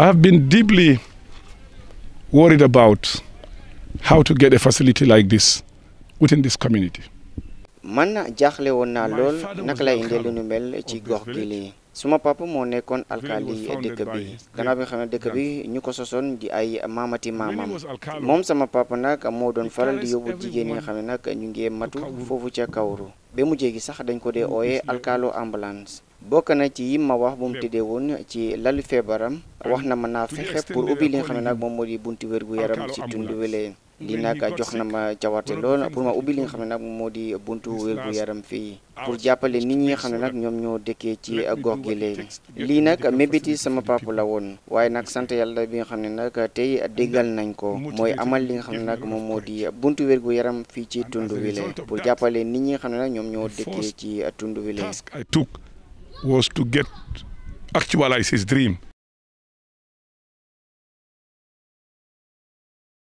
I have been deeply worried about how to get a facility like this within this community. man jaaxle woon naa lool naka lay indee lu nu mel ci gox gi lii suma papa moo nekkoon alkaali dëkk bi gannaaw bi nga xam ne dëkk bi ñu ko sosoon di ay maamati maamam moom sama papa nag moo doon faral di yóbbu jigéen yi nga xam ne nag ñu ngi matu foofu ca kawru ba mu jéegi sax dañ ko dee ooyee alkaalo ambulance bokk na ci yi ma wax bu mu tëddee woon ci lal feebaram wax na ma naa fexe pour ubbi li nga xam ne nag moom moo di bunti wér gu yaram ci tund wele li nag jox na ma jawarte lool pour ma ubbi li nga xam ne nag moom moo di buntu wér gu yaram fii ah, pour jàppale nit ñi xam nag ñoom ñoo dëkkee ci gox gi léegi lii nag mébéti sama papa la woon waaye nag sant yàlla bi nga xam ne nag tey déggal nañ ko mooy amal li nga xam nag moom moo di buntu wér yaram fii ci tund wele pour jàppale nit ñi nga xam ne nag ñoom ñoo dëkkee ci tund wele was to get actualize his